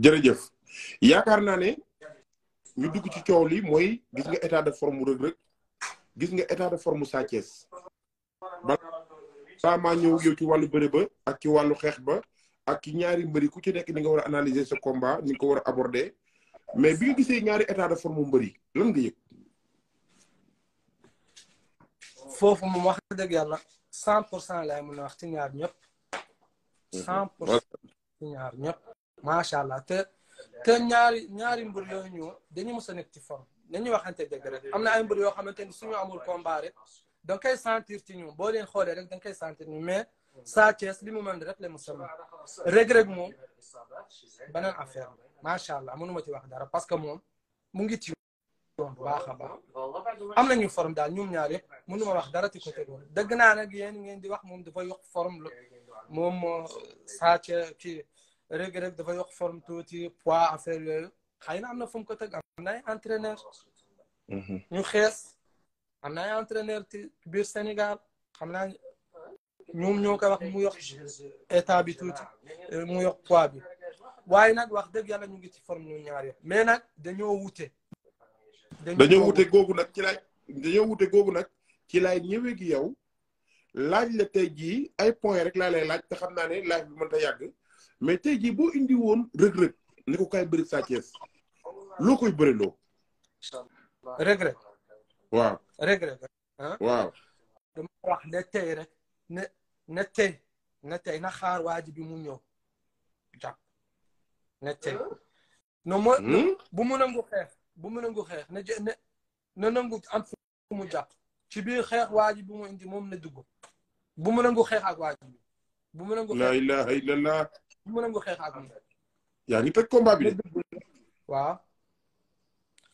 jërëjëf yaakaar naa ne ñu dugg ci coow li mooy gis nga état de forme Reug Reug gis nga état de forme Sa Thiès balaa ñëw yow ci wàllu bëre ba ak ci wàllu xeex ba ak ci ñaari mbëri ku ci nekk ni nga war a analyser sa combat ni nga ko war a aborder mais bi nga gisee ñaari état de forme mbëri lan nga yëg. foofu moom wax dëgg yàlla cent pour cent laay mën wax ci ñaar ñëpp. Mhm. ñëpp. ما شاء الله ت ت ناري ناري مبرلونيو دني مسنك تفهم نني وخمسة دقيقة أمنا أي مبرلونيو خمسة نسمي أمور كومبارة دونك أي سانتير تنيو بولين خالد رك دونك أي سانتير نيو ساتيس لي مومن رك لي رك رك مو بنان أفهم ما شاء الله أمنو متي واحد دارا بس كمون مونجي تيو أمنا نيو فرم دال نيو ناري منو ما واحد دارا تكتبون دقنا أنا جيني عندي واحد مون دفع يوقف فرم مو مو ساتي كي rek dafa yokk forme tuuti poids affaire yooyu xëy na am na fu mu ko teg am na ay entraîneur ñu xees am na ay entraîneur ci biir Sénégal xam naa ñoom ñoo koy wax mu yokk état bi tuuti mu yokk poids bi waaye nag wax dëgg yàlla ñu ngi ci forme ñu ñaar yo mais nag dañoo wute dañoo wute googu nag ci laaj dañoo wute googu nag ci laay ñëwee gi yow laaj la tey jii ay point rek laa lay laaj te xam naa ne laaj bi mën ta yàgg mais tey jii boo indi woon rëg-rëg ne ko kaay bëri Sa Thiès loo koy bëri loo rëg-rëg waaw rëg-rëg waaw dama wax ne tey rek ne ne tey ne tey na xaar waa ji bi mu ñëw jàpp ne tey no mo bu mu nangu xeex bu mu nangu xeex ne ne na nangu am fu mu jàpp ci biir xeex waa ji bi mu indi moom na dugg bu mu nangu xeex ak waa ji bi bu mu nangu xeex la ilaha illallah mën nga xeex ak moom. yaa ngi toj ko bi de. waaw.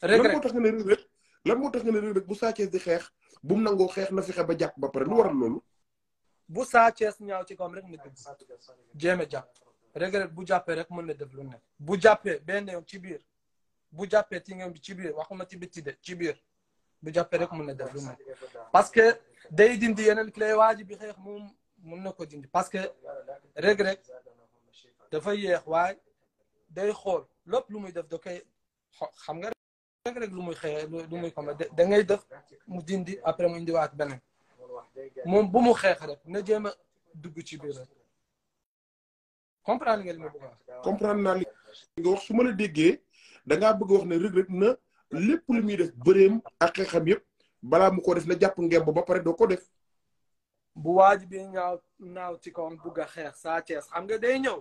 rek lan moo tax nga ne rek lan moo tax nga rek bu Sa di xeex bu mu nangoo xeex na fexe ba jàpp ba pare lu waral loolu. bu Sa ñaaw ci kawam rek nit jéem a jàpp regret bu jàppee rek mën na def lu nekk bu jàppee benn yoon ci biir bu jàppee ti ngeen ci biir waxuma ci bitti de ci biir bu jàppee rek mën na def lu nekk parce que day dindi yeneen clé waaji bi xeex moom mën na ko dindi parce que regret dafa yéex waaye day xool lépp lu muy def da koy xam nga rek lu muy xeex lu muy xam da def mu dindi après mu indiwaat beneen moom bu mu xeex rek na jéem dugg ci biir rek comprendre ma bëgg a naa li nga su ma la déggee da bëgg wax ne rëg rek na lépp lu muy def bëreem ak xeexam yëpp balaa mu ko def na jàpp ngemb ba pare doo ko def. bu waaj bi ñaaw naaw ci kawam bugg a xeex saa Cees xam nga day ñëw.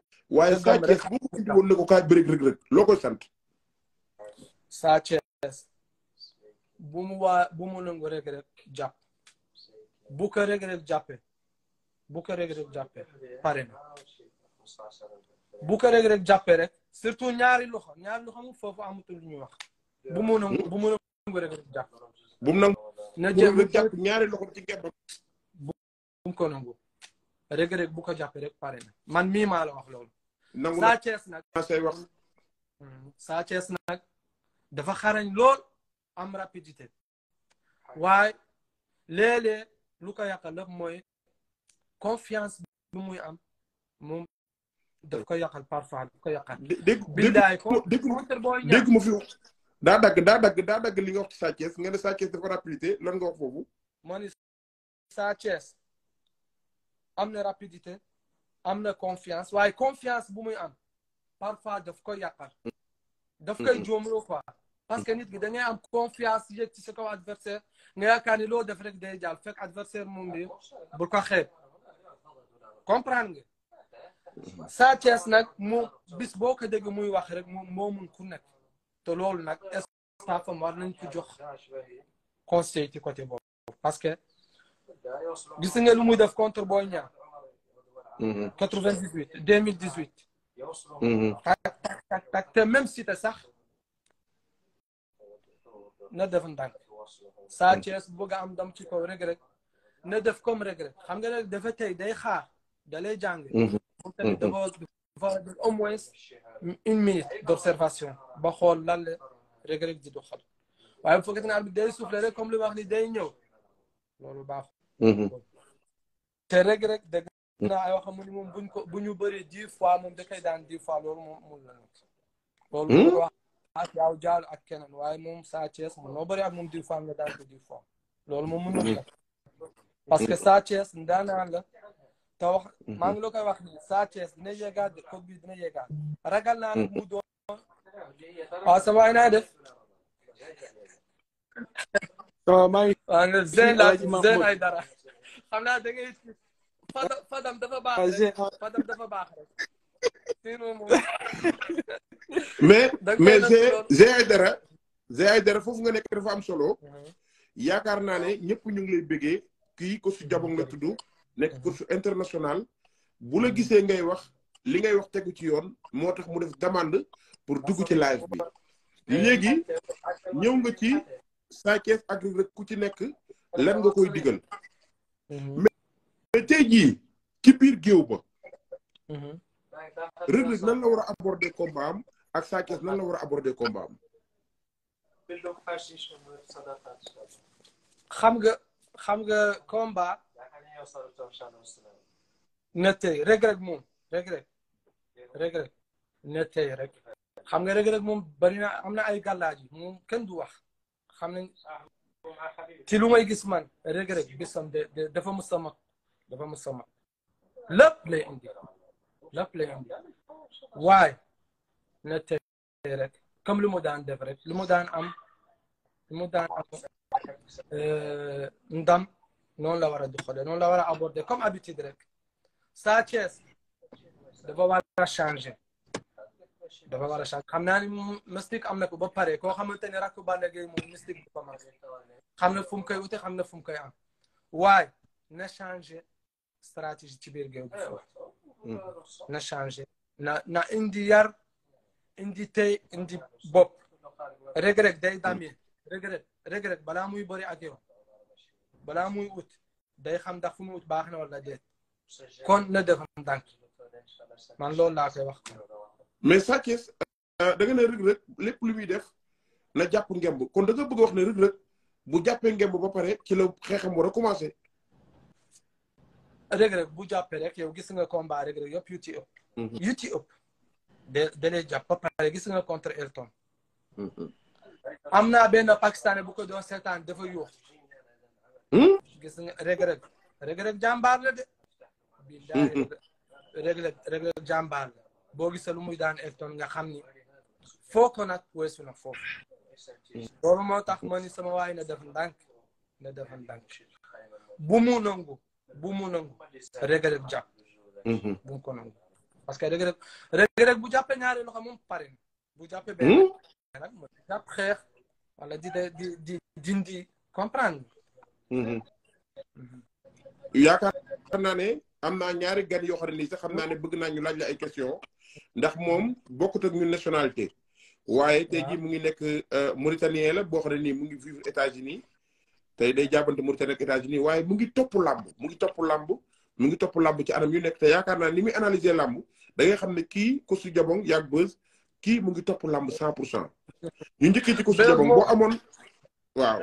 waaye Sa Thiès bu ko indi woon ne bu mu waa bu mu nangu rëg rëg jàpp bu ko rëg rëg jàppee bu pare na bu ko rëg rek surtout ñaari loxo ñaari loxo mu foofu amatul lu ñuy wax. bu mu nangu bu mu nangu rëg rëg jàpp. bu mu nangu na jéem jàpp ñaari loxo ci gerte. bu mu ko rek pare na man mii maa wax loolu. nangu Sa Thiès nag. wax. Hmm. Sa Thiès nag dafa xarañ lool am rapidité. waaye léeg lu ko yàqal lépp mooy confiance bi muy am moom daf ko yàqal parfois daf ko yàqal. dégg billaay ko dégg fi daa dagg daa dagg daa dagg li nga wax ci Sa nga ne Sa Thiès dafa rapidité lan nga wax foofu. moo am na rapidité. am na confiance waaye confiance bu muy am parfois daf koy yàqal daf koy mm-hmm. jóomloo quoi parce que nit ki da ngay am confiance yëg ci sa kaw adversaire nga yaakaar ni loo def rek day jàll fekk adversaire moom bi bu ko xeeb comprendre nga Sa Thiès nag moom bis boo ko dégg muy wax rek moom moo mun ku nekk te loolu nag staff am war nañ ko jox conseil ci côté boobu parce que gis nga muy def contre Boy Niang 98 2018 tac tac tac te même cité sax na def ndànk Sa Thiès bëgg am dam ci kaw Reug Reug na def comme Reug Reug xam nga nag dafa tey day xaar dalay jàng moom tamit dafa dafa au moins une minute d' observation ba xool lan la Reug Reug di doxal waaye bu fekkee ne arbitre day soufflé rek comme li wax ni day ñëw loolu naa yoo xam ne moom buñ ko bu ñu bëree dix fois moom da koy daan dix fois loolu moom mun na nekk. loolu loolu wax ak yaaw jaal ak keneen waaye moom Sa Thiès moom noo bëree ak moom dix fois nga daan ko dix fois loolu moom mun na nekk. parce que Sa Thiès ndaanaan la te wax maa ngi la wax ni Sa Thiès dina yeggaat de coupe bi dina yeggaat ragal naa nag mu doon. waaw sa waay naa def. waaw maa ngi. zen laaj zen ay dara xam da ngay Fadam Fadam dafa baax rek Fadam dafa baax rek. mais mais Zé Aïdara Zé Aïdara foofu nga nekk dafa am solo. Mhm. yaakaar naa ne ñëpp ñu ngi lay bëggee kii ko su jabong la tudd. nekk mhm. course international bu la gisee ngay wax li ngay wax tegu ci yoon moo tax mu def demande pour dugg ci live bi eh, léegi ñëw nga ci Sa Thiès ak ku ci nekk lan nga koy digal mhm. mais tey jii ci biir géew ba. Reug Reug nan la war a aborder combat am ak Sa Thiès nan la war a aborder combat am. xam nga xam nga combat. na tey Reug Reug moom Reug Reug. Reug Reug na tey rek. xam nga Reug Reug moom bari na am na ay gàllaaj yi moom kenn du wax xam nañ ci lu may gis man Reug Reug bisam dafa mës a mag لو فهم السمر لا بلاي عندي لا بلاي عندي واي نتيرك كم لمدان دفرت لمدان ام لمدان ام آه، ندم نون لا ورا دخل نون لا ورا ابورد كم ابي تدرك ساتشيس دابا ورا شانجي دابا ورا شانجي خمنا مستيك ام نكو بباري كو خمنتني راكو بالغي مستيك بباري خمنا فوم وتي خمنا فوم ام واي نشانجي stratégie ci biir géew bi eh, foofu na changé na na indi yar indi tey indi bopp regret day damee regret regret balaa muy bëri ak muy ut day xam ndax fu muy ut baax na wala déet kon na def ndànk man loolu laa koy wax mais Sa Thiès euh, da ne Reug Reug lépp lu muy def na jàpp ngemb kon da bëgg wax ne Reug Reug bu jàppee ngemb ba pare ci la xeexam war a commencé reg bu jàppee rek yow gis nga combat reg reg yëpp yu ci ëpp yu ci ëpp da gis nga contre Elton mhm. am naa benn pakistanais bu ko doon seetaan dafa yuux hmm? gis nga reg reg reg reg jàmbaar la de billahi reg mhm. reg la boo gisee lu muy daan Elton nga xam ni foo ko nag weesu na foofu loolu moo tax ma sama waay na def ndànk na def ndànk bu mu nangu bu mu nangu Reug Reug mhm. bu mu ko parce que Reug Reug bu jàppee ñaari loxo moom pare bu jàppee benn mhm. nag mu jàpp xeex wala di di di dindi comprendre mhm. yaakaar naa ne am naa ñaari gan yoo xam ne nii te xam naa ne bëgg naa ñu laaj la ay question ndax moom bokkut a ñun nationalité waaye tey jii mu ngi nekk euh, Mauritanien la boo xam nii mu ngi vivre États-Unis tey day jàppante Mauritanie ak États-Unis waaye mu ngi topp làmb mu ngi topp làmb mu ngi topp làmb ci anam yu nekk te yaakaar naa ni muy analyser làmb da ngay xam ne kii ko su jabong yàgg bës kii mu ngi topp lamb cent pour cent ñu njëkkee ci ko su jabong boo amoon waaw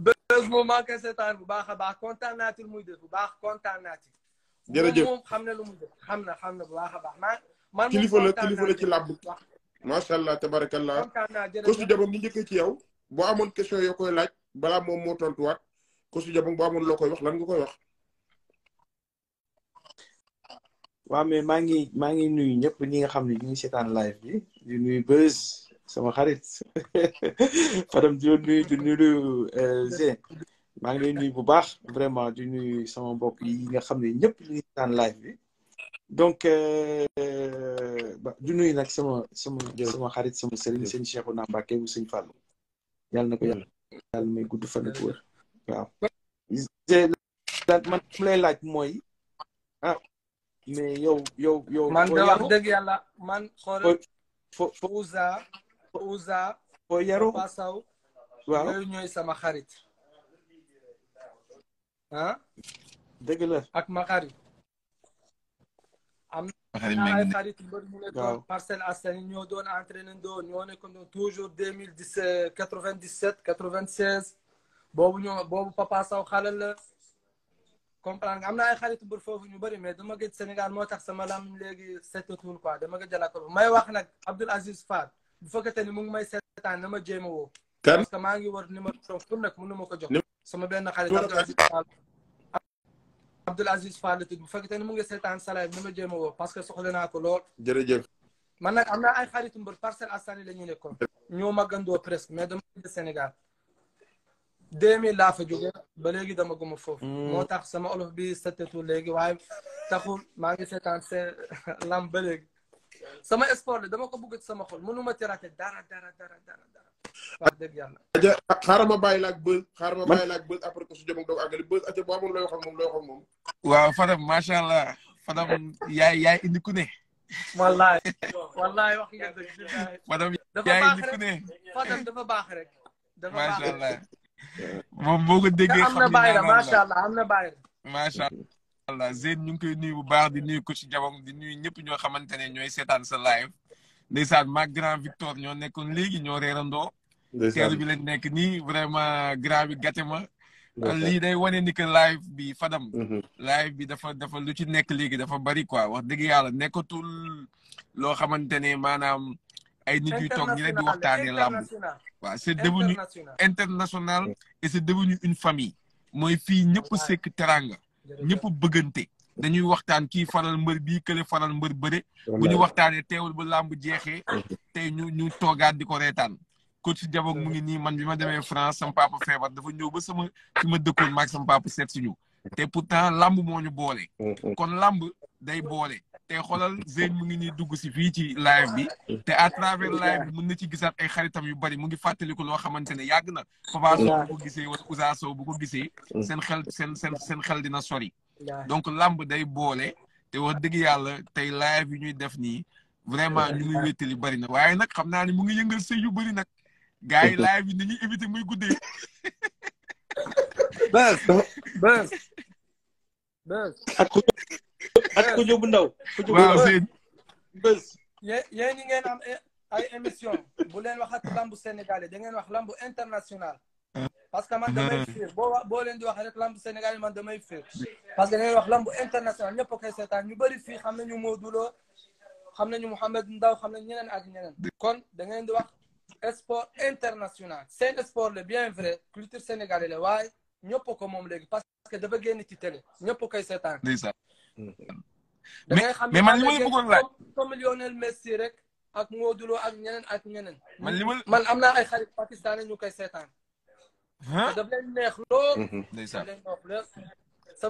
bës moom maa koy seetaan bu baax a baax kontaan naa ci bu baax kontaan naa ci xam na lu muy def xam na xam na bu a baax maa man kilifa la kilifa la ci làmb macha allah tabarakallah ko su jabong ñu njëkkee ci yow boo amoon question yoo koy laaj balaa moom moo tontuwaat Kousu Diabong boo amoon loo koy wax lan nga koy wax. waaw mais maa ngi maa ngi nuyu ñëpp ñi nga xam ne ñu ngi seetaan live bi di nuyu Beuz sama xarit Fadam di nuyu di nuyu euh, Zé ngi lay nuyu bu baax vraiment di nuyu sama mbokk yi nga xam ne ñëpp ñu ngi seetaan live bi donc euh, di nuyu nag sama sama sama xarit sama sëriñ sëñ Cheikhouna Mbacké mu sëñ Fallou yàlla na ko yàlla yàlla may gudd fan ak wër waaw man mu lay laaj mooy ah mais yow yow yow man de wax dëgg yàlla man xool fo Fouza Fouza foo yaru Passaw waaw yooyu ñooy sama xarit ah dëgg la ak ma xarit am Ah, faré tout le monde. Marcel Assani, nous donne entraînando, nous on est toujours 2097, 96. Bon, nous, bon, papa ça au halal. comprendre am na ay xarit mbër foofu ñu bëri mais dama gëj Sénégal moo tax sama lam léegi seetatul quoi dama gëj jàllale ko may wax nag Abdoul Aziz Fall bu fekkente ni mu ngi may seetaan na ma jéem a woo. kan parce que maa ngi war numéro bi pour nag mënu ma ko jox. sama benn xarit Abdoul Aziz Fall. Abdoul Aziz Fall la tudd bu fekkee ne mu ngi seetaan salaay bi na ma jéem a woo parce que soxla naa ko lool. jërëjëf. man nag am na ay xaritu mbër Parcelles Assainies la ñu nekkoon. ñoo magandoo presque mais dama jóge Sénégal. 2000 laa fa jóge ba léegi dama guma foofu. Hmm. moo tax sama olof bii setetul léegi waaye taxul maa ngi seetaan seen lam ba léegi. sama sport dama ko bëgg sama xol mënu ma ci raté dara dara dara dara dara wax dëgg yàlla xaaral ma bàyyi la ak bël xaaral ma la ak bël après ko su jëm ak doomu bël aca boo amoon looy wax ak moom looy wax ak Fadam macha allah Fadam yaay yaay indi ku ne wallaay wallaay wax nga dëgg Fadam dafa baax rek dafa baax macha allah moom boo ko déggee macha allah am na bàyyi la allah Zeyne ñu ngi koy nuyu bu baax di nuyu ci jabam di nuyu ñëpp ñoo xamante ne ñooy seetaan sa live ndeysaan maag grand Victor ñoo nekkoon léegi ñoo reerandoo teelu bi lañ nekk nii vraiment grand bi gàtte ma lii day wane ni que live bi fadam mm-hmm. live bi dafa dafa lu ci nekk léegi dafa bari quoi wax dëgg yàlla nekkatul loo xamante ne maanaam ay nit yu toog ñu ne di waxtaanee làmb waaw c'est devenu international mm. et c'est devenu une famille mooy fii ñëpp sekk teranga ñëpp bëggante dañuy waxtaan kii faral mbër bii kële faral mbër bëre bu ñu waxtaanee teewul ba làmb jeexee tey ñu ñu toogaat di ko reetaan coach Diabog mu ngi nii man bi ma demee France sama papa feebar dafa ñëw ba sama fi ma dëkkoon maag set si ñu te pourtant làmb moo ñu boole kon làmb day boole te xoolal Zane mu ngi ñuy dugg si fii ci live bi te à travers live bi mën na ci gisaat ay xaritam yu bari mu ngi fàttaliku loo xamante ne yàgg na Papa bu ko gisee wala bu ko gisee seen xel seen seen seen xel dina sori donc lamb day boole te wax dëgg yàlla tey live ñuy def nii vraiment ñu ngi wéttali bari na waaye nag xam naa ne mu ngi yëngal sëy yu bari nag gars yi live yi nañuy éviter muy guddee ak ku jóg bu ndaw. waaw sëñ bés. yéen ñi ngeen am eh, ay émission bu leen waxati lamb sénégalais da ngeen wax lamb international. parce que man damay hmm. fiir boo boo leen di wax rek lambu sénégalais man damay fiir parce que da ngeen wax lambu international ñëpp a koy seetaan ñu bëri fii xam nañu Modou Lo xam na nañu Mouhamed Ndaw xam nañu ñeneen ak ñeneen. kon da ngeen di wax sport international. seen sport la bien vrai culture sénégalais la waaye ñëpp ko moom léegi parce que dafa génn ci télé ñëpp koy seetaan. da ngay xam mais man li ma la bëggoon laaj comme Lionel Messi rek ak Modou Lo ak ñeneen ak ñeneen. man li ma hmm? man am naa ay xarit ñu koy seetaan. daf leen neex lool. Hmm, hmm. ndeysaan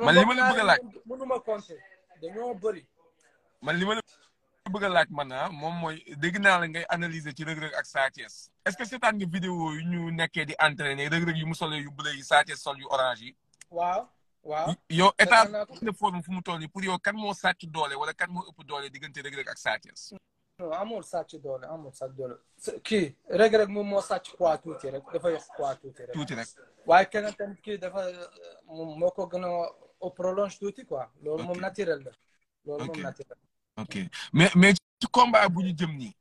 man li ma la bëgg a laaj mënuma compter dañoo bëri. man li ma la bëgg a laaj man ah moom mooy dégg naa la ngay analyser ci rëg-rëg ak Sa Thiès est-ce que seetaan nga vidéo yu ñu nekkee di entraîner rëg-rëg yu mu solee yu bleu yi sol yu orange yi. waaw. waaw yow état de forme fu mu toll nii pour yow kan moo sàcc doole wala kan moo ëpp doole diggante Reug Reug ak Sa non amul sàcc doole amul sàcc doole. kii Reug Reug moom moo sàcc poids tuuti rek dafa yokk poids tuuti rek. tuuti rek waaye keneen tamit kii dafa moo ko gën a au prolonge tuuti quoi. loolu moom naturel la. loolu moom naturel ok mais mais ci combat bu ñu jëm nii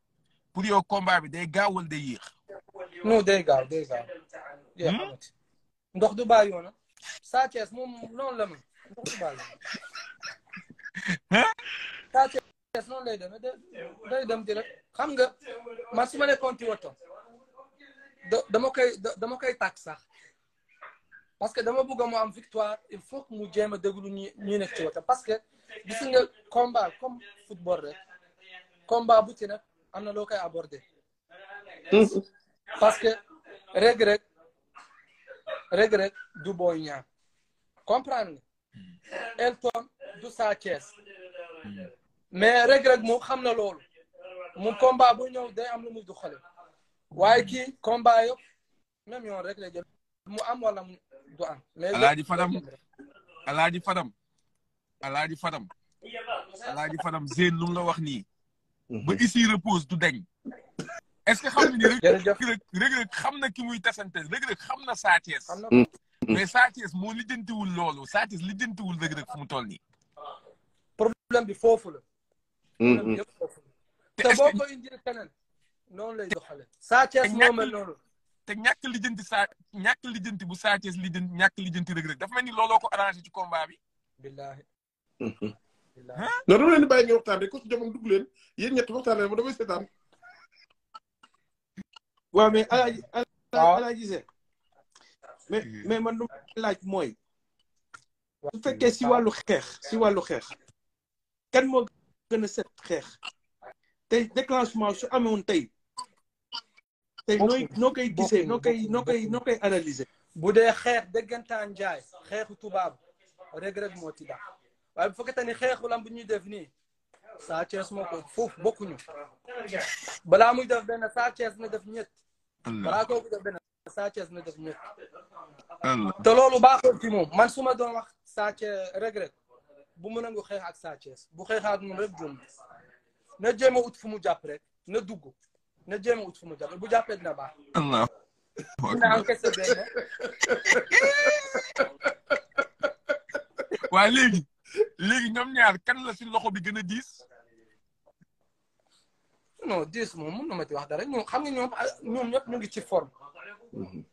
pour yow combat bi day gaawal day yéex. non day gaaw day gaaw. Hmm? ndox du bàyyi woon ah. Sa Thiès moom noonu la ma Sa Thiès noonu day dem di rek xam nga man su ma nekkoon ci woto dama koy dama koy tàkk sax parce que dama bëgg mu am victoire il faut que mu jéem a déglu ñii ñuy nekk ci parce que gis nga combat comme football rek combat bu ci nag am na loo koy abordé parce que rek Reug du Boy Niang comprendre nga Elton du Sa Thiès mais Reug Reug moom xam na loolu mu combat bu ñëw day am lu muy du xale waaye kii combat yëpp même yoon rek mu am wala mu du am alaaji fadam alaaji fadam alaaji fadam alaaji fadam Zéen lu la wax nii mhm. ba ici repose du deñ est-ce que xam ni Reug Reug xam na ki muy tasante Reug Reug xam na Sa Thiès mm. mais Sa Thiès moo lijjantiwul loolu Sa Thiès lijjantiwul Reug Reug fu mu toll nii foofu la mm-hmm. problème la te boo Sa Thiès moo te ñàkk lijjanti saa ñàkk lijjanti bu Sa Thiès lijjanti ñàkk lijjanti Reug dafa mel looloo ko arrangé ci combat bi billaahi mm-hmm. non dama leen di bàyyi nga waxtaan rek ku ci jomam dugg leen yéen ñett waxtaan leen ma damay seetaan Oui, mais ah. a dit ça. mais mais man lu ma laaj tu su si wàllu xeex si wàllu xeex kan moo gën a set xeex tey déclenchement su nous tey tey nooy un koy gisee noo koy noo koy noo koy analyser bu dee xeex dëggantaan tu xeexu un Reug Reug moo ci dàq waaye bu nous Sa bokkuñu بلا مو يدف بين ساتشيز ندف نيت بلا كوكو يدف بين ساتشيز ندف نيت تلولو باخر تيمو من سوما دون وقت ساتشي رجرت بومنانغو خي حق ساتشيز بو خي حق من رب جون نجيمو اتفمو جابرك ندوغو نجيمو اتفمو جابرك بو جابرك نبا الله waaye léegi léegi ñoom ñaar kan la si loxo bi gën a non dix moom mun na ma ci wax dara ñoom xam nga ñoom ñoom ñëpp ñu ngi ci forme. Mhm.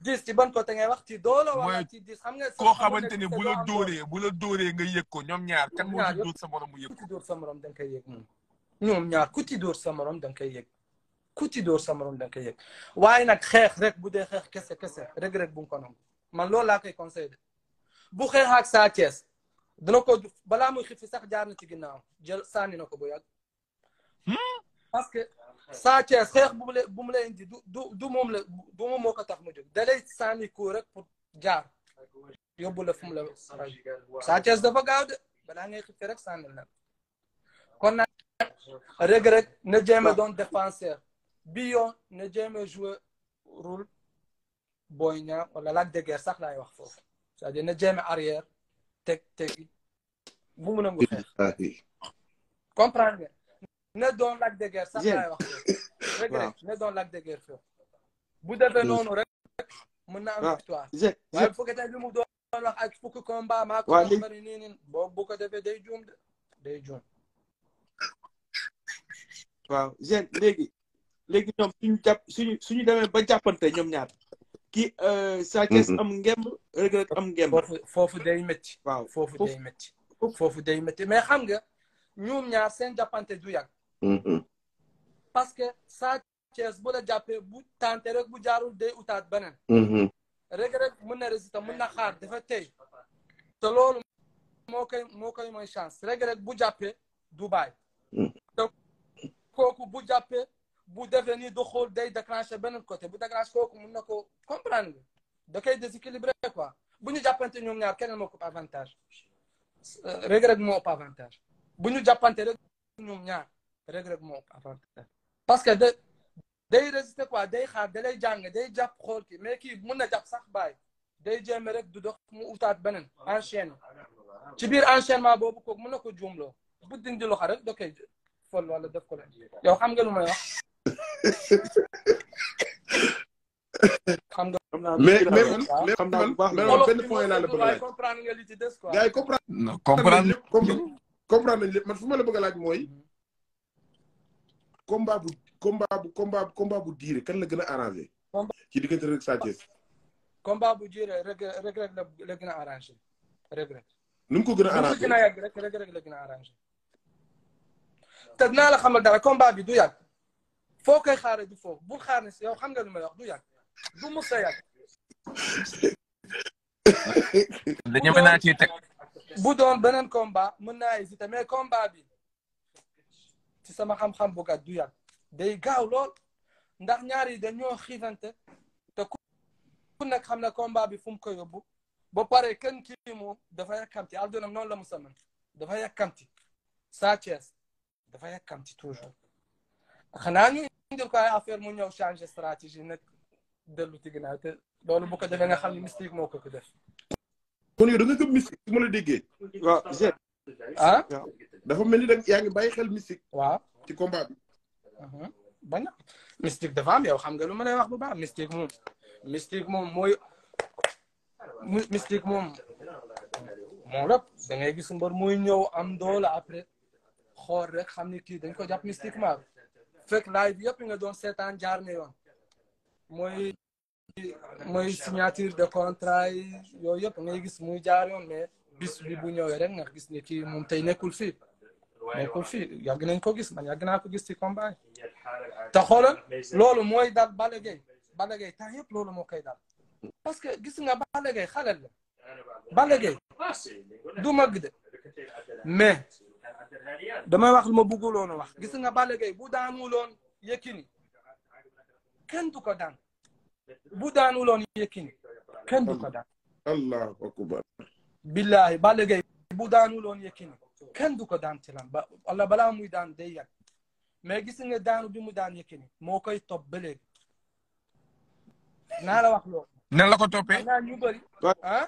dix ci ban côté ngay wax ci doole wala ci dix xam nga. koo xamante ne bu la bu la dóoree nga yëg ko ñoom ñaar kan moo ci dóor morom mu yëg ko. ku ci dóor sa morom da nga koy yëg moom. ñoom ñaar ku ci dóor sa morom da koy yëg ku ci dóor sa morom da koy yëg waaye nag xeex rek bu dee xeex kese kese rek bu ko nangu man loolu laa koy conseillé bu xeex ak Sa Thiès ko balaa muy xiif sax jaar na ci ginnaaw jël sànni na ko bu yàgg. Hmm? parce que Sa Thiès xeex bu mu la bu mu la indi du du du moom la du moom moo ko tax mu jóg da lay sànni koo rek pour jaar yóbbu la fu mu la Sa Thiès dafa gaaw de balaa ngay xifte rek sànni la kon nag Reug Reug na jéem a doon défenseur bi yoon na jéem a jouer rôle Boy Niang wala Lac de Guiers sax laay wax foofu c'est-à-dire na jéem a arrière teg tegi bu mu nangu xeex comprendre nga ne donne Lac de guerre, sax laay wax rek ne donne Lac de que. foofu bu non noonu rek mën ah, victoire. peux que que combat de suñu suñu suñu euh, Sa caisse mhm. am ngemb am ngemb fofu day metti waaw fofu day metti fofu day metti mais xam nga ñoom ñaar seen du Mm-hmm. parce que Sa Thiès bu la jàppee bu tante rek bu jaarul day utaat beneen. Mm-hmm. rek rek mën na résister mën na xaar dafa tey te loolu moo koy moo koy mooy chance rek rek bu jàppee du bàyyi. Mm-hmm. te kooku bu jàppee bu defee nii du xool day déclenché beneen côté bu déclenché kooku mën na ko comprendre da koy déséquilibré quoi bu ñu jàppante ñoom ñaar keneen moo ko avantage euh, rek rek moo ëpp avantage bu ñu jàppante rek ñoom ñaar. Reug Reug moo avantage parce que da day résister quoi day xaar da lay jàng day jàpp xool kii mais kii mun na jàpp sax bàyyi day jéem rek du dox mu utaat beneen enchaîne ci biir enchaînement boobu kooku mun na ko juumloo bu dindi loxo rek da koy fol wala def ko la yow xam nga lu may wax. xam nga mais mais mais xam naa bu baax mais benn point laa la bëgg a laaj comprendre nga li ci des quoi. yi ma la bëgg a laaj combat bu combat bu combat combat bu diire kan la gën a arrangé. ci diggante rek Sa Thiès. combat bu diire rek rek la gën a arrangé rek ko gën a arrangé nu mu a yàgg rek rek rek la gën a arrangé. te dinaa bi du yàgg foo koy xaaree du foofu bu xaar ne si yow xam nga lu may du yàgg du mos yàgg. mën naa ciy bu doon beneen combat mën naa hésité mais combat bi. ci sama xam-xam bu gàtt du yàgg day gaaw lool ndax ñaar yi dañoo xiifante te ku nekk xam ne combat bi fu mu ko yóbbu ba pare kenn kii moom dafa yàkkamti aldonam noonu la mu dafa yàkkamti Sa Thiès dafa yàkkamti toujours xanaa ñu indil ko ay affaire mu ñëw changer stratégie nag dellu ci ginnaaw te loolu bu ko defee nga xam ne mystique moo ko kon yow da nga gëm mystique su ah dafa mel ni da yaa ngi bàyyi xel mystique. waaw ci combat bi. Uh-huh. bañ a mystique dafa am yow xam nga lu ma lay wax bu baax mystique moom mystique moom mooy mistik moom moom lépp dangay gis mbor muy ñëw am doole après xool rek xam ni kii dañ ko jàpp mystiquement fekk live bi yëpp nga doon seetaan jaar na yoon mooy mooy signature de contrat yi yooyu yëpp ngay gis muy jaar yoon mais bis bi bu ñëwee rek nga gis ni ki moom tey nekkul fii કોફી યાજ્ઞાન કોગીસ ما યાજ્ઞા કોગીસ થી કોમ બાય تخول لولو موي دال بالغي بالغي تاهيب لولو مو كيدال باسكو جسنا بالغي خلل بالغي دو مقد مي دما واخ ما بوغولون واخ جسنا بالغي بو دانولون يكيني كنتو كدان بو دانولون يكيني كنتو كدان الله اكبر بالله بالغي بو دانولون يكيني kenn du ko daan ci lam ba wala balaa muy daan day yàgg mais gis nga daanu bi mu daan Yékini moo koy top ba léegi naa la wax loo nan la ko toppee naa ñu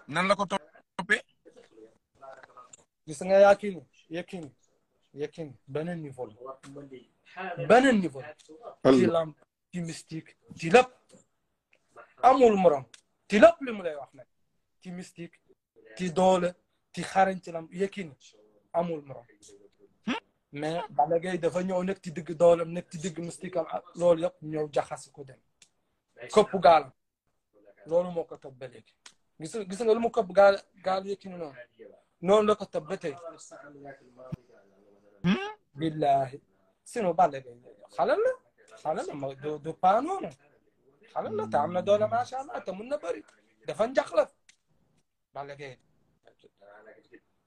nan la ko toppee. gis nga Yékini Yékini Yékini beneen niveau la beneen niveau la. ci lamb ci mystique ci lépp amul morom li mu lay wax nag ci mystique ci doole ci xarañ ci lamb Yékini amul morom mais Balla Gaye dafa ñëw nekk ci digg doolam nekk ci digg mystique am ak loolu yëpp ñëw jaxasi ko dem këpp gaal loolu moo ko topp ba léegi gis gis nga lu mu këpp gaal gaal yëkkini noonu noonu la ko topp ba tey billahi sinon Balla Gaye xalal la xalal la ma du du paa noonu xalal la te am na doole macha allah te mun na bëri dafa njaxlaf Balla Gaye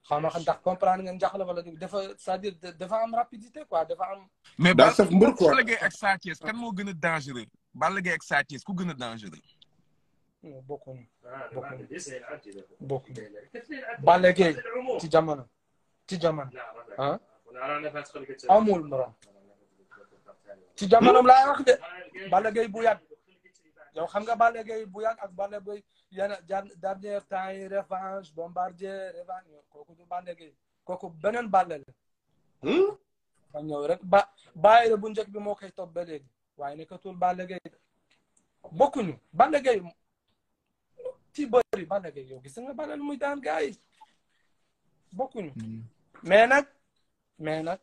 xaw ma xam ndax comprendre ngeen jaxla wala dafa c'est-à-dire dafa am rapidité quoi dafa am. mais Balla Gaye ak Sa Thiès kan moo gën a dangereux Balla Gaye ak Sa Thiès ku gën a dangereux. bokkuñu bokkuñu bokkuñu Balla Gaye ci jamono ci jamono ah amul morom ci jamono laay wax de Balla Gaye bu yàgg. yow xam nga Balla Gaye bu yàgg ak Balla Gaye yenn dernier temps yi revanche bombardier revanche kooku du Balla Gaye kooku beneen Balla la. xam hmm? ñëw rek ba bàyyi bu njëkk bi moo koy topp ba léegi waaye nekkatul Balla Gaye bokkuñu Balla Gaye ci bëri Balla Gaye yow gis nga Balla lu muy daan gars yi bokkuñu. Hmm. mais nag mais nag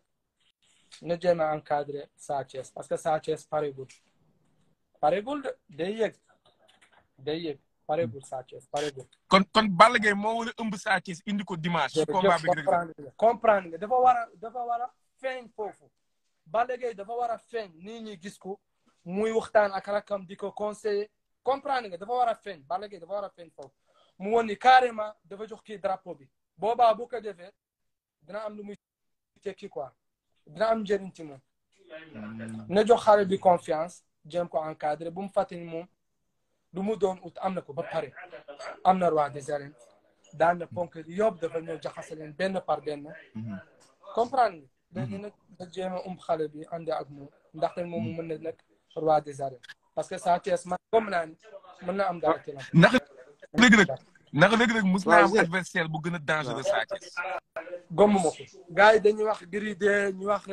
na jéem a encadré Sa parce que Sa par pare gudd. pare gul de day yëg day yëg pare gul hmm. Sa pare gul. kon kon Balla Gaye moo war a ëmb Sa Thiès indi ko dimanche. su combat bi war a dafa war a feeñ foofu. Balla Gaye dafa war a feeñ nii ñuy gis ko muy waxtaan ak rakam di ko conseiller comprendre nga dafa war a feeñ Balla Gaye dafa war a feeñ foofu mu woon ni carrément dafa jox kii drapeau bi. boobaa bu ko defee dina am lu muy tekki quoi dina am njëriñ ci moom. Hmm. na jox xale bi confiance. جمكو عن كادر بوم فاتن مو دمو دون ات امنكو بباري امنا روا دزالين دان بونك يوب دفن يوجا حسلين بين بار بين mm -hmm. كومبراني دين جيم ام خالبي عندي اكمو ندخل مو mm -hmm. من نك روا دزالين باسكو ساعتي اسما كومنان من ام دارتي نخل نخل نخل نخل مسلم ادفنسيال بو غنا دانجر ساعتي غوم موكو غاي دني واخ غري دي ني واخ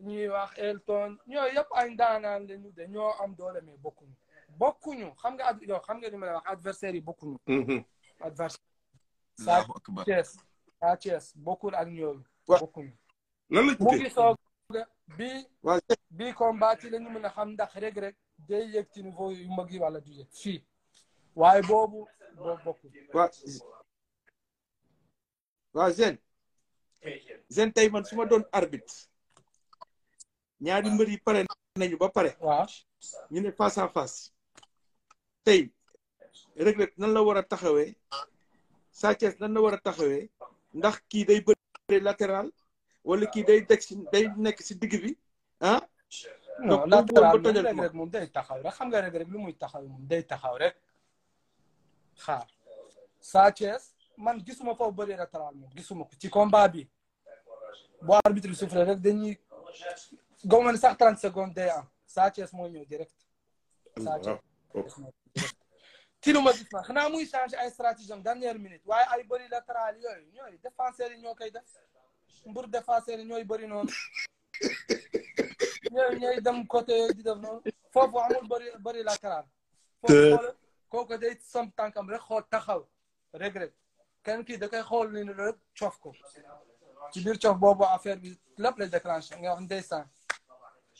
ñuy wax Elton ñooy yëpp ay ndaanaan la ñu dañoo am doole mais bokkuñu bokkuñu xam nga ad yow xam nga li ma la wax adversaire yi bokkuñu adversaire saa Thiès saa Thiès bokkul ak ñooñu bokkuñu lan la mu ngi soog bi bi combat ci la ñu mën a xam ndax rek rek day yëg ci niveau yu mag yi wala du yëg fii waaye boobu boobu bokkul waaw Zane Zane tey man su ma doon arbitre ñaari mbër yi pare nañu ba pare. waaw ñu ne face à face. tey Reug nan la war a taxawee. Sa Thiès nan la war a taxawe ndax kii day bëri latéral. wala kii day teg si day nekk si digg bi ah. donc latéral moom rek moom day taxaw rek xam nga rek rek lu muy taxaw moom day taxaw rek xaar. Sa Thiès man gisuma foofu bëri latéral moom gisuma ko ci komba bi. bu arbitre soufflé rek dañuy. قوم انا sa 30 سكوند ديا smo nju direkt. ديريكت će. تيلو ما ديفا خنا مو يسامش اي استراتيجي استراتيجيم دانيير مينيت واي اي بوري لاترال يوي يوي ديفانسير نيو كايدا مبور ديفانسير نيو يبوري نون نيو نيو دم كوتي دي دم نو فوفو عمول بوري بوري لاترال كوكو ديت سم تانكم رخو تخاو ريغريت كان كي داكاي خول نين رب تشوفكو كبير تشوف بابا افير بي لا بلاي دكرانش عندي سان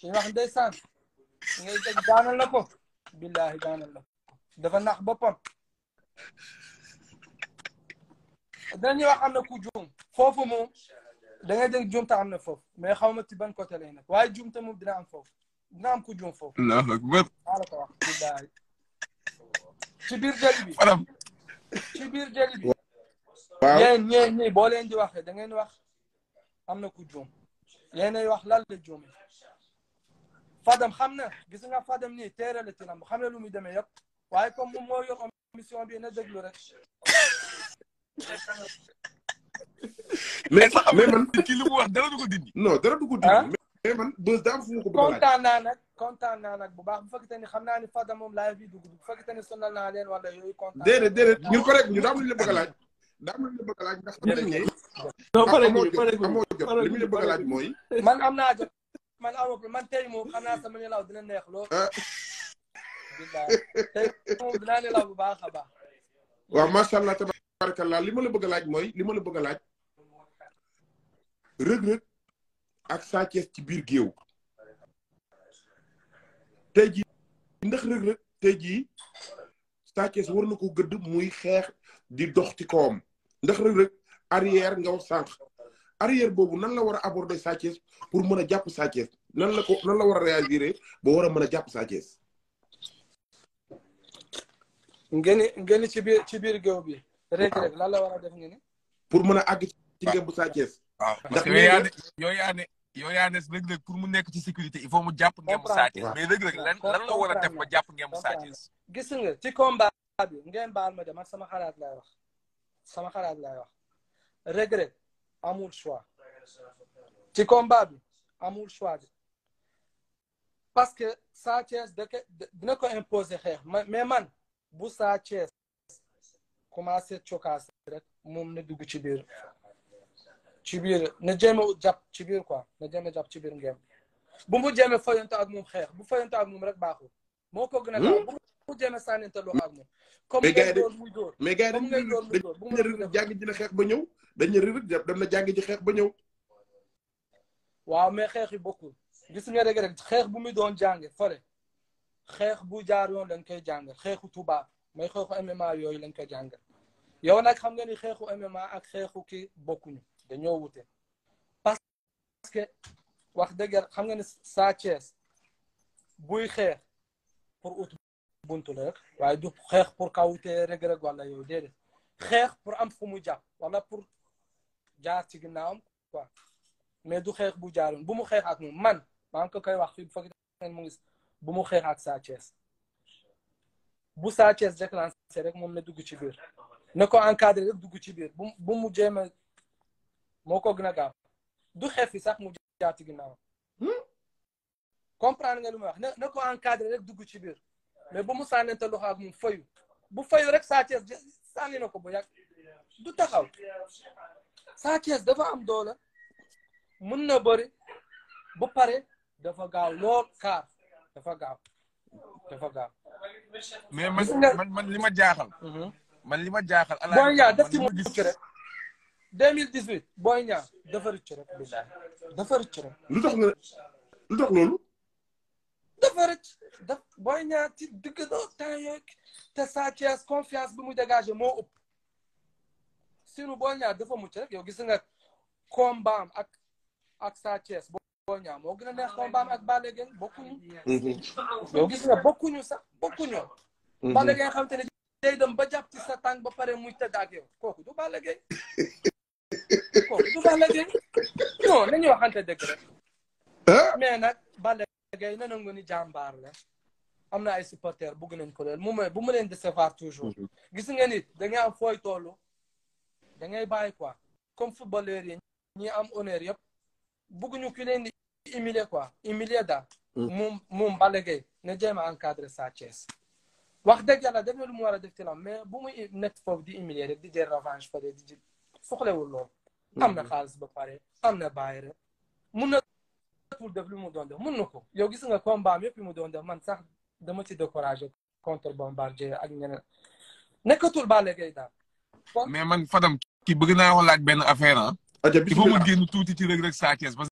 شنو راح ندسان دان لكو بالله دان لكو دفن نخ بابم داني واخا نكو جوم فوفو مو دا ngay دك جوم تاعنا فوف مي خاوما تي بان كوتا لينا واي جوم تا مو دنا ام نعم فوف دنا ام نعم كو جوم فوف الله اكبر على طول بالله كبير جلبي كبير جلبي نين نين نين بولين دي واخا دا ngay واخ امنا كو جوم لينا واخ لا لا جوم fadam xam na gis nga fadam nii teerale ci lamb xam na lu muy demee yëpp waaye comme moom moo yor émission bi na déglu rek mais mais man kii li mu wax dara du ko dindi non dara du ko dindi mais man bés daam fu mu ko bëgg kontaan naa nag kontaan naa nag bu baax bu fekkee ni xam naa ni fadam moom live bi dugg bu fekkee ni sonal naa leen wala yooyu kontaan déedéet déedéet ñun ko rek ñu daam lu ñu la bëgg a laaj daam lu ñu la bëgg a laaj ndax dañ ne amoo jot amoo jot li mu la bëgg a laaj mooy man am naa jot man aw ma moom xam naa sama nelaw dina neex lool. Ah. tey moom dinaa nelaw bu baax a baax. waaw macha allah tabarakallah li ma la bëgg laaj mooy li ma la bëgg a laaj. rëg-rëg ak Sa ci biir géew. tey jii rëg-rëg tey jii Sa war na ko gëdd muy xeex di dox ci kawam ndax rëg-rëg arrière nga wax sànq. arrière boobu nan la war a aborder Sa pour mën a jàpp Sa Thiès nan la ko nan la war a réagir ba war a mën a jàpp Sa Thiès. ngeen ci biir ci biir géew bi. rek lan la war a def ngeen pour mën a àgg ci ngeen bu Sa Thiès. waaw parce que yow yaa ne yow yaa ne Reug Reug pour mu nekk ci sécurité il faut mu jàpp ngeen bu Sa Thiès mais Reug Reug lan lan la war a def ba jàpp ngeen bu gis Thiès. gis nga ci combat bi ngeen baal ma dem ak sama xalaat laay wax sama xalaat laay wax Reug amul choix ci combat bi amul choix bi parce que Sa Thiès da dina ko imposer xeex mais man bu Sa Thiès commencé cokaas rek moom na dugg ci biir ci biir na jéem a jàpp ci biir quoi na jéem a jàpp ci biir ngeen bu mu jéem a fayante ak moom xeex bu fayante ak moom rek baaxul moo ko gën a hmm? bu mu jéem a sànnante loo ak moom comme ngay door muy door mais gars yi dañ ngay door muy door bu mu jàng dina xeex ba ñëw dañ ne Reug Reug dem na jàngi ji xeex ba ñëw. waaw mais xeex yi bokkul gis nga rek rek xeex bu muy doon jànge fële xeex bu jaar yoon lañ koy jàngal xeexu tubaab mais xeexu MMA yooyu lañ koy jàngal yow nag xam nga ni xeexu MMA ak xeexu ki bokkuñu dañoo wute parce que wax dëgg xam nga ni Sa buy xeex pour ut buntu la rek waaye du xeex pour kawutee Reug Reug wala yow déedéet xeex pour am fu mu jàpp wala pour jaar ci ginnaawam quoi mais du xeex bu jaarul bu mu xeex ak moom man maa ngi ko koy wax fii bu fekkee mu gis bu mu xeex ak Sa bu Sa Thiès déclenché rek moom na dugg ci biir na ko encadré rek dugg ci biir bu bu mu jéem a moo ko gën a gaaw du xeex fi sax mu jaar ci ginnaawam comprendre nga lu ma wax na na ko encadré rek dugg ci biir mais bu mu sànnante loxo ak moom fayu bu fayu rek Sa Thiès sànni na ko ba yàgg du taxaw Sa dafa am doole mën na bëri ba pare dafa gaaw lool kaar dafa gaaw dafa mais man li ma jaaxal. Mhm. man li ma jaaxal. ala booy ñaar daf ci mu gis rek. 2018 booy ñaar dafa rëcc rek billaay dafa rëcc rek. lu tax nga lu dafa rëcc booy ñaar ci digg doo temps yooyu te Sa confiance bi mu dégagé moo ëpp. sinu boña defo mucc rek yow gis nga ak ak Sa Thiès boña moo gën a neex ak Balla Gaye bokkuñu mhm. yow gis nga bokkuñu sax bokkuñu mhm. Balla Gaye xam te ne day dem ba jàpp ci sa tànk ba pare muy tëdd ak yow kooku du Balla Gaye kooku du Balla Gaye non nañu waxante dëgg rek ah! mais nag Balla Gaye na nangu ni jàmbaar la am na ay supporters bëgg nañ ko lool mu may bu mu leen décevoir toujours mhm. gis nga nit da nga am fooy tollu da ngay bàyyi quoi comme footballeur yi ñu am honneur yëpp bëgguñu ku leen di humilier quoi humilier da mm. moom moom Balla Gaye na jéem a encadré Sa wax dëgg yàlla def na lu mu war a def ci lam mais bu muy nekk foofu di humilier rek di jël revanche fare di ji soxlewul loolu mm. am na xaalis ba pare am na bàyyi rek mun na pour def lu mu doon def mun na ko yow gis nga combat am yëpp mu doon def man sax dama ci découragé contre bombardier ak ñeneen nekkatul Balla Gaye daal mais man Fadam ki bëgg naa ko laaj benn affaire ah. ah il faut mu tuuti ci Reug Sa Thiès